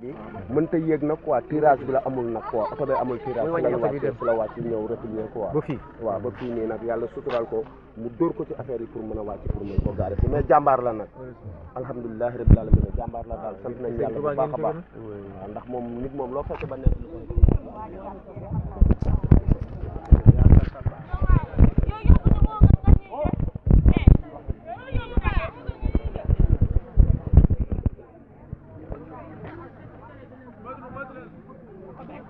bi mënta yéeg nag quoi tirage bi la amul na quoi oto bi amul tirage su la wàcc ñëw retourner quoi ba fii waaw ba fii nii nag yàlla sutural ko mu dóor ko ci affaire yi pour mën a wàcc pour mën ko gaare mais jàmbaar la nag alhamdulilahi rabbil alamin jàmbaar la daal sant nañ yàlla bu baax a baax waaw ndax moom nit moom loo fekk ba nekk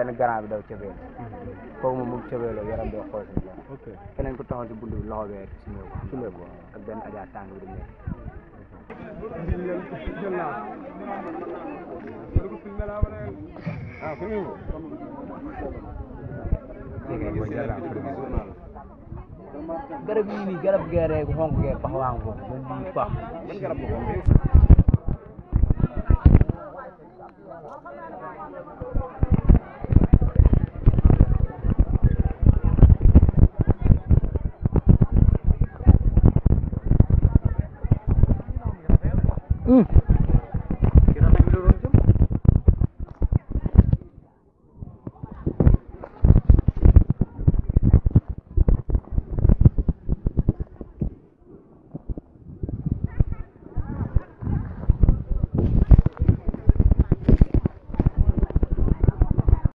benn garant bi daw cofeel kooku moom mu cofeeloo yaram bee xool si ok keneen ku taxaw si bunt bi loxo bee sumeeku sumeeku ak benn aja tàng bi di nekk garab yii nii garab gee rek xonk gee pax waa ngi foofu moom Mm.